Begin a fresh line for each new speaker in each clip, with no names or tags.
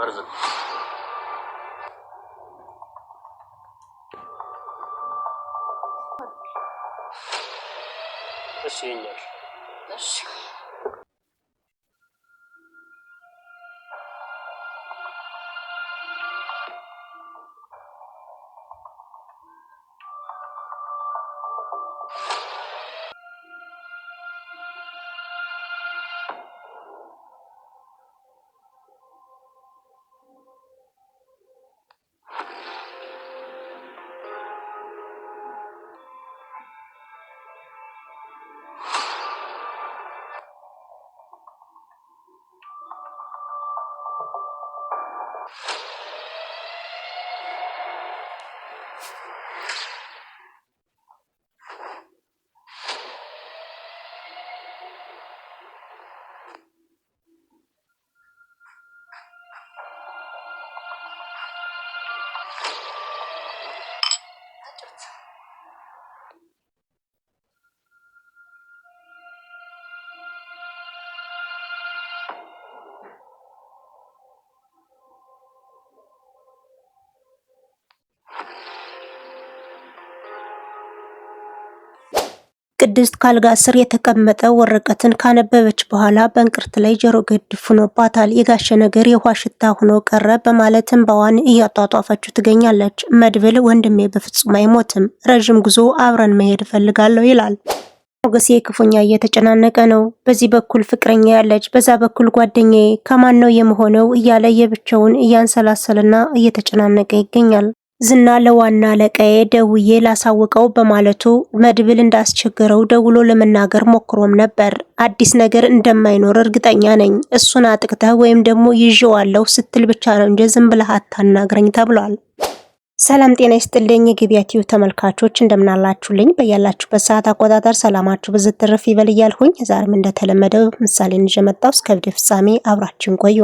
Bardzo እሺ የኛሽ እሺ ቅድስት ካልጋ ስር የተቀመጠ ወረቀትን ካነበበች በኋላ በእንቅርት ላይ ጆሮ ደግፍ ሆኖባታል። የጋሸ ነገር የውሃ ሽታ ሆኖ ቀረ በማለት እንባዋን እያጧጧፈችው ትገኛለች። መድብል ወንድሜ በፍጹም አይሞትም፣ ረዥም ጉዞ አብረን መሄድ እፈልጋለሁ ይላል። ሞገሴ ክፉኛ እየተጨናነቀ ነው። በዚህ በኩል ፍቅረኛ ያለች፣ በዛ በኩል ጓደኛዬ፣ ከማን ነው የምሆነው እያለ የብቻውን እያንሰላሰልና እየተጨናነቀ ይገኛል። ዝና ለዋና አለቃዬ ደውዬ ላሳውቀው በማለቱ መድብል እንዳስቸገረው ደውሎ ለመናገር ሞክሮም ነበር። አዲስ ነገር እንደማይኖር እርግጠኛ ነኝ፣ እሱን አጥቅተህ ወይም ደግሞ ይዤዋለሁ ስትል ብቻ ነው እንጂ ዝም ብለህ አታናግረኝ ተብሏል። ሰላም ጤና ይስጥልኝ የግቢያ የግቢያቲው ተመልካቾች እንደምናላችሁልኝ፣ በያላችሁበት ሰዓት አቆጣጠር ሰላማችሁ ብዝት ትርፍ ይበል እያልሁኝ ዛሬም እንደተለመደው ምሳሌ ይዤ መጣሁ። እስከ ቪዲዮ ፍጻሜ አብራችን ቆዩ።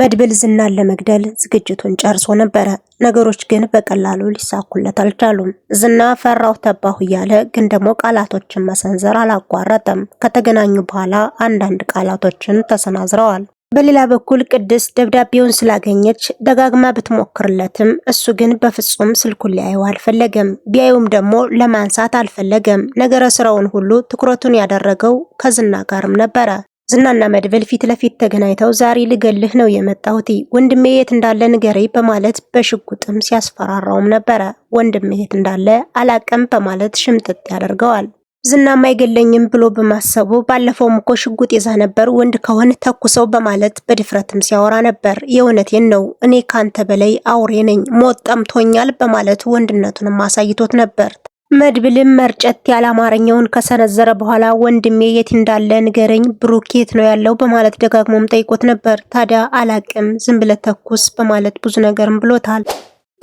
መድብል ዝናን ለመግደል ዝግጅቱን ጨርሶ ነበረ። ነገሮች ግን በቀላሉ ሊሳኩለት አልቻሉም። ዝና ፈራሁ ተባሁ እያለ ግን ደግሞ ቃላቶችን መሰንዘር አላቋረጠም። ከተገናኙ በኋላ አንዳንድ ቃላቶችን ተሰናዝረዋል። በሌላ በኩል ቅድስት ደብዳቤውን ስላገኘች ደጋግማ ብትሞክርለትም እሱ ግን በፍጹም ስልኩ ሊያየው አልፈለገም። ቢያዩም ደግሞ ለማንሳት አልፈለገም። ነገረ ስራውን ሁሉ ትኩረቱን ያደረገው ከዝና ጋርም ነበረ። ዝናና መድብል ፊት ለፊት ተገናኝተው ዛሬ ልገልህ ነው የመጣሁት፣ ወንድሜ የት እንዳለ ንገረኝ በማለት በሽጉጥም ሲያስፈራራውም ነበረ። ወንድሜ የት እንዳለ አላቀም በማለት ሽምጥጥ ያደርገዋል። ዝናም አይገለኝም ብሎ በማሰቡ ባለፈውም እኮ ሽጉጥ ይዛ ነበር ወንድ ከሆን ተኩሰው በማለት በድፍረትም ሲያወራ ነበር። የእውነቴን ነው እኔ ካንተ በላይ አውሬ ነኝ፣ ሞት ጠምቶኛል በማለት ወንድነቱንም አሳይቶት ነበር። መድብልም መርጨት ያለ አማርኛውን ከሰነዘረ በኋላ ወንድሜ የት እንዳለ ንገረኝ፣ ብሩክ የት ነው ያለው በማለት ደጋግሞም ጠይቆት ነበር። ታዲያ አላቅም፣ ዝም ብለህ ተኩስ በማለት ብዙ ነገርም ብሎታል።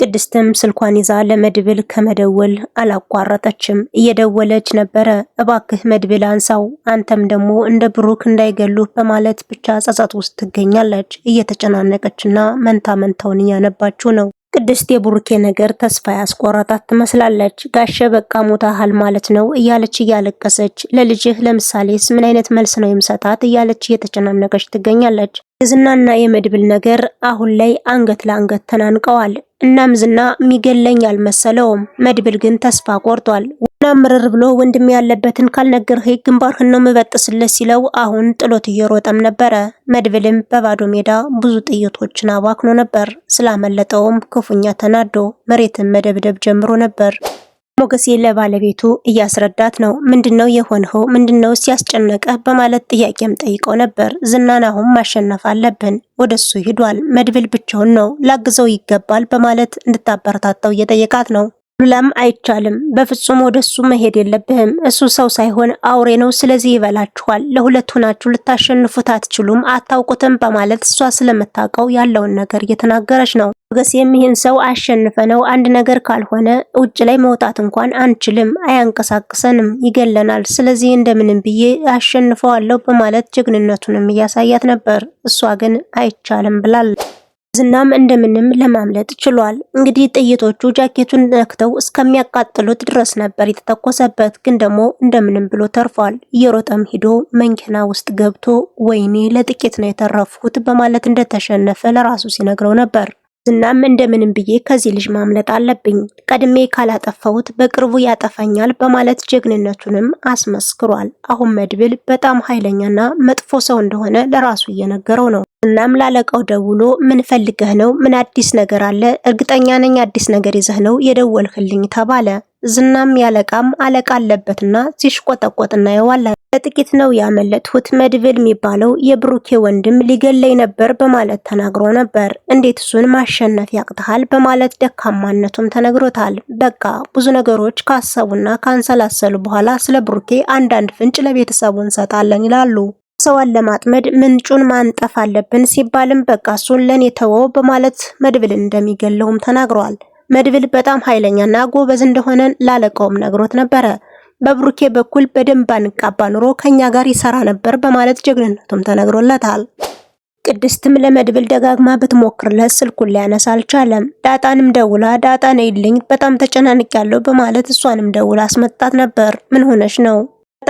ቅድስትም ስልኳን ይዛ ለመድብል ከመደወል አላቋረጠችም። እየደወለች ነበረ። እባክህ መድብል አንሳው፣ አንተም ደግሞ እንደ ብሩክ እንዳይገሉህ በማለት ብቻ ጸጸት ውስጥ ትገኛለች። እየተጨናነቀችና መንታ መንታውን እያነባችው ነው። ቅድስት የቡርኬ ነገር ተስፋ ያስቆረጣት ትመስላለች። ጋሸ በቃ ሞታሃል ማለት ነው እያለች እያለቀሰች ለልጅህ ለምሳሌስ ምን አይነት መልስ ነው የምሰጣት እያለች እየተጨናነቀች ትገኛለች። የዝናና የመድብል ነገር አሁን ላይ አንገት ለአንገት ተናንቀዋል። እናም ዝና ሚገለኝ አልመሰለውም። መድብል ግን ተስፋ ቆርጧል። እናም ምርር ብሎ ወንድም ያለበትን ካልነገርህ ግንባርህን ነው የምበጥስልህ ሲለው አሁን ጥሎት እየሮጠም ነበረ። መድብልም በባዶ ሜዳ ብዙ ጥይቶችን አባክኖ ነበር። ስላመለጠውም ክፉኛ ተናዶ መሬትን መደብደብ ጀምሮ ነበር። ሞገሴ ለባለቤቱ እያስረዳት ነው። ምንድነው የሆንኸው? ምንድነው ሲያስጨነቀ? በማለት ጥያቄም ጠይቀው ነበር። ዝናን አሁን ማሸነፍ አለብን፣ ወደሱ ሂዷል። መድብል ብቻውን ነው፣ ላግዘው ይገባል በማለት እንድታበረታታው እየጠየቃት ነው። ሉላም አይቻልም፣ በፍጹም ወደሱ መሄድ የለብህም። እሱ ሰው ሳይሆን አውሬ ነው። ስለዚህ ይበላችኋል። ለሁለት ሆናችሁ ልታሸንፉት አትችሉም፣ አታውቁትም በማለት እሷ ስለምታውቀው ያለውን ነገር እየተናገረች ነው። ሞገስ የሚህን ሰው አሸንፈነው አንድ ነገር ካልሆነ ውጭ ላይ መውጣት እንኳን አንችልም፣ አያንቀሳቅሰንም፣ ይገለናል። ስለዚህ እንደምንም ብዬ አሸንፈዋለሁ በማለት ጀግንነቱንም እያሳያት ነበር። እሷ ግን አይቻልም ብላል። ዝናም እንደምንም ለማምለጥ ችሏል። እንግዲህ ጥይቶቹ ጃኬቱን ነክተው እስከሚያቃጥሉት ድረስ ነበር የተተኮሰበት፣ ግን ደግሞ እንደምንም ብሎ ተርፏል። እየሮጠም ሂዶ መንኪና ውስጥ ገብቶ ወይኔ ለጥቂት ነው የተረፍኩት በማለት እንደተሸነፈ ለራሱ ሲነግረው ነበር። ዝናም እንደምንም ብዬ ከዚህ ልጅ ማምለጥ አለብኝ፣ ቀድሜ ካላጠፋሁት በቅርቡ ያጠፋኛል በማለት ጀግንነቱንም አስመስክሯል። አሁን መድብል በጣም ኃይለኛና መጥፎ ሰው እንደሆነ ለራሱ እየነገረው ነው። እናም ላለቃው ደውሎ ምን ፈልገህ ነው? ምን አዲስ ነገር አለ? እርግጠኛ ነኝ አዲስ ነገር ይዘህ ነው የደወልህልኝ ተባለ። ዝናም ያለቃም አለቃ አለበትና ሲሽቆጠቆጥ እናየዋለን። በጥቂት ነው ያመለጥሁት፣ መድብል የሚባለው የብሩኬ ወንድም ሊገለኝ ነበር በማለት ተናግሮ ነበር። እንዴት እሱን ማሸነፍ ያቅትሃል በማለት ደካማነቱም ተነግሮታል። በቃ ብዙ ነገሮች ካሰቡና ካንሰላሰሉ በኋላ ስለ ብሩኬ አንዳንድ ፍንጭ ለቤተሰቡ እንሰጣለን ይላሉ። ሰዋን ለማጥመድ ምንጩን ማንጠፍ አለብን ሲባልም በቃ እሱን ለኔ ተወው በማለት መድብልን እንደሚገለውም ተናግሯል። መድብል በጣም ኃይለኛና ጎበዝ እንደሆነን ላለቀውም ነግሮት ነበረ። በብሩኬ በኩል በደንብ አንቃባ ኑሮ ከኛ ጋር ይሰራ ነበር በማለት ጀግንነቱም ተነግሮለታል። ቅድስትም ለመድብል ደጋግማ ብትሞክርለት ስልኩን ሊያነሳ አልቻለም። ዳጣንም ደውላ ዳጣ ነይልኝ በጣም ተጨናንቅ ያለው በማለት እሷንም ደውላ አስመጣት ነበር። ምን ሆነሽ ነው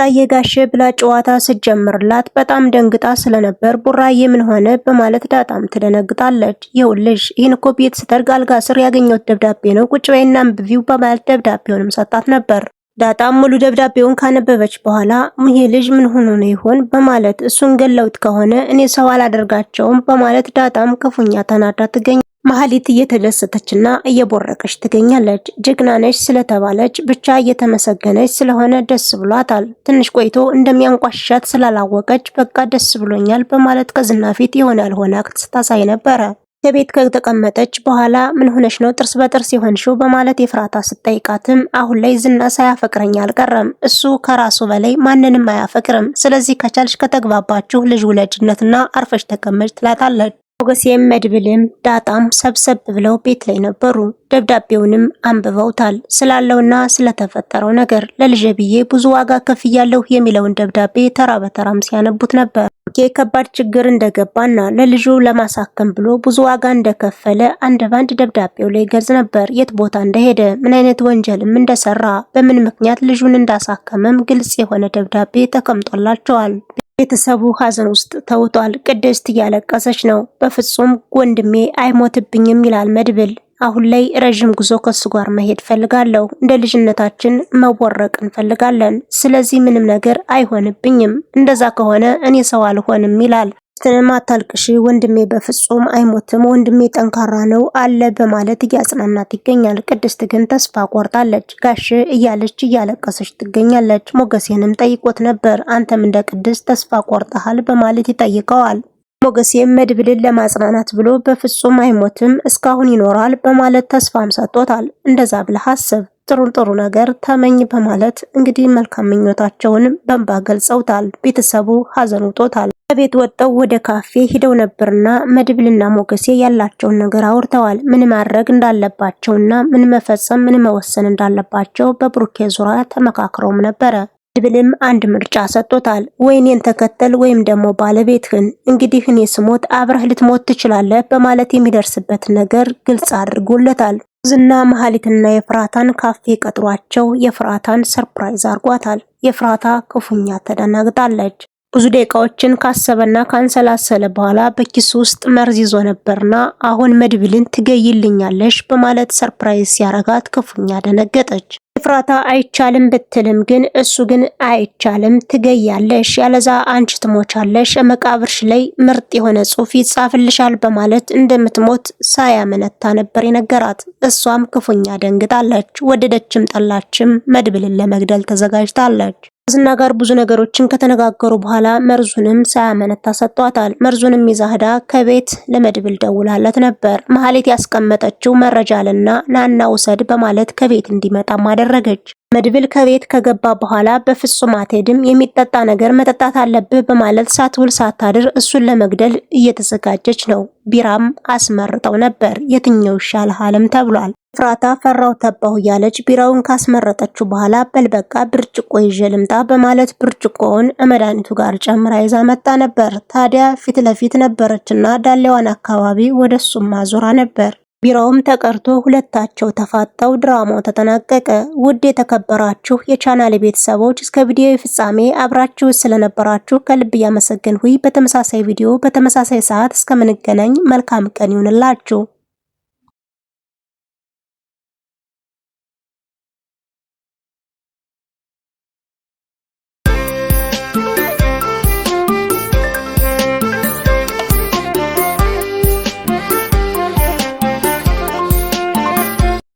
ጣየጋሼ ብላ ጨዋታ ስትጀምርላት በጣም ደንግጣ ስለነበር ቡራዬ ምን ሆነ በማለት ዳጣም ትደነግጣለች። ይኸውልሽ ይህን እኮ ቤት ስተርግ አልጋ ስር ያገኘሁት ደብዳቤ ነው ቁጭ በይና አንብቢው በማለት ደብዳቤውንም ሰጣት ነበር። ዳጣም ሙሉ ደብዳቤውን ካነበበች በኋላ ይሄ ልጅ ምን ሆኖ ነው ይሆን በማለት እሱን ገለውት ከሆነ እኔ ሰው አላደርጋቸውም በማለት ዳጣም ክፉኛ ተናዳ ትገኛለች። መሀሊት እየተደሰተችና እየቦረቀች ትገኛለች። ጀግና ነች ስለተባለች ብቻ እየተመሰገነች ስለሆነ ደስ ብሏታል። ትንሽ ቆይቶ እንደሚያንቋሻት ስላላወቀች በቃ ደስ ብሎኛል በማለት ከዝና ፊት የሆነ ያልሆነ አክት ስታሳይ ነበረ። ከቤት ከተቀመጠች በኋላ ምን ሆነሽ ነው ጥርስ በጥርስ የሆንሽው በማለት የፍራታ ስጠይቃትም አሁን ላይ ዝና ሳያፈቅረኝ አልቀረም፣ እሱ ከራሱ በላይ ማንንም አያፈቅርም። ስለዚህ ከቻልሽ ከተግባባችሁ ልጅ ውለጅነትና አርፈሽ ተቀመጭ ትላታለች። ሞገሴም መድብልም ዳጣም ሰብሰብ ብለው ቤት ላይ ነበሩ። ደብዳቤውንም አንብበውታል። ስላለውና ስለተፈጠረው ነገር ለልጄ ብዬ ብዙ ዋጋ ከፍያለሁ የሚለውን ደብዳቤ ተራ በተራም ሲያነቡት ነበር። የከባድ ችግር እንደገባና ለልጁ ለማሳከም ብሎ ብዙ ዋጋ እንደከፈለ አንድ ባንድ ደብዳቤው ላይ ገልጽ ነበር። የት ቦታ እንደሄደ፣ ምን አይነት ወንጀልም እንደሰራ፣ በምን ምክንያት ልጁን እንዳሳከመም ግልጽ የሆነ ደብዳቤ ተቀምጦላቸዋል። ቤተሰቡ ሀዘን ውስጥ ተውጧል። ቅድስት እያለቀሰች ነው። በፍጹም ወንድሜ አይሞትብኝም ይላል መድብል። አሁን ላይ ረዥም ጉዞ ከሱ ጋር መሄድ ፈልጋለሁ። እንደ ልጅነታችን መቦረቅ እንፈልጋለን። ስለዚህ ምንም ነገር አይሆንብኝም። እንደዛ ከሆነ እኔ ሰው አልሆንም ይላል። ትዕግስትንም አታልቅሺ ወንድሜ በፍጹም አይሞትም፣ ወንድሜ ጠንካራ ነው አለ በማለት እያጽናናት ይገኛል። ቅድስት ግን ተስፋ ቆርጣለች። ጋሽ እያለች እያለቀሰች ትገኛለች። ሞገሴንም ጠይቆት ነበር። አንተም እንደ ቅድስት ተስፋ ቆርጠሃል በማለት ይጠይቀዋል። ሞገሴም መድብልን ለማጽናናት ብሎ በፍጹም አይሞትም፣ እስካሁን ይኖራል በማለት ተስፋም ሰጥቶታል። እንደዛ ብለህ አስብ፣ ጥሩን ጥሩ ነገር ተመኝ በማለት እንግዲህ መልካም ምኞታቸውን በእንባ ገልጸውታል። ቤተሰቡ ሀዘን ውጦታል። ከቤት ወጥተው ወደ ካፌ ሂደው ነበርና መድብልና ሞገሴ ያላቸውን ነገር አውርተዋል። ምን ማድረግ እንዳለባቸውና ምን መፈጸም ምን መወሰን እንዳለባቸው በብሩኬ ዙሪያ ተመካክረውም ነበረ። መድብልም አንድ ምርጫ ሰጥቶታል። ወይኔን ተከተል ወይም ደግሞ ባለቤትህን፣ እንግዲህ እኔ ስሞት አብረህ ልትሞት ትችላለህ በማለት የሚደርስበት ነገር ግልጽ አድርጎለታል። ዝና መሀሊትና የፍራታን ካፌ ቀጥሯቸው የፍራታን ሰርፕራይዝ አርጓታል። የፍራታ ክፉኛ ተደናግጣለች። ብዙ ደቂቃዎችን ካሰበና ካንሰላሰለ በኋላ በኪሱ ውስጥ መርዝ ይዞ ነበርና አሁን መድብልን ትገይልኛለሽ በማለት ሰርፕራይዝ ሲያረጋት ክፉኛ ደነገጠች። ኤፍራታ አይቻልም ብትልም ግን እሱ ግን አይቻልም ትገያለሽ፣ ያለዛ አንቺ ትሞቻለሽ፣ መቃብርሽ ላይ ምርጥ የሆነ ጽሑፍ ይጻፍልሻል በማለት እንደምትሞት ሳያመነታ ነበር የነገራት። እሷም ክፉኛ ደንግጣለች። ወደደችም ጠላችም መድብልን ለመግደል ተዘጋጅታለች። ከዝና ጋር ብዙ ነገሮችን ከተነጋገሩ በኋላ መርዙንም ሳያመነታ ሰጥቷታል። መርዙንም ይዛህዳ ከቤት ለመድብል ደውላለት ነበር። መሀሌት ያስቀመጠችው መረጃ አለና ናና ውሰድ በማለት ከቤት እንዲመጣም አደረገች። መድብል ከቤት ከገባ በኋላ በፍጹም አትሄድም፣ የሚጠጣ ነገር መጠጣት አለብህ በማለት ሳትውል ሳታድር እሱን ለመግደል እየተዘጋጀች ነው። ቢራም አስመርጠው ነበር። የትኛው ይሻልሃልም ተብሏል። ፍራታ ፈራው ተባሁ እያለች ቢራውን ካስመረጠችው በኋላ በልበቃ ብርጭቆ ይዤ ልምጣ በማለት ብርጭቆውን መድኃኒቱ ጋር ጨምራ ይዛ መጣ ነበር። ታዲያ ፊት ለፊት ነበረችና ዳሌዋን አካባቢ ወደሱም ማዞራ ነበር። ቢራውም ተቀርቶ ሁለታቸው ተፋጠው ድራማው ተጠናቀቀ። ውድ የተከበራችሁ የቻናል ቤተሰቦች እስከ ቪዲዮ ፍጻሜ አብራችሁ ስለነበራችሁ ከልብ እያመሰገንሁኝ በተመሳሳይ ቪዲዮ በተመሳሳይ ሰዓት እስከምንገናኝ መልካም ቀን ይሁንላችሁ።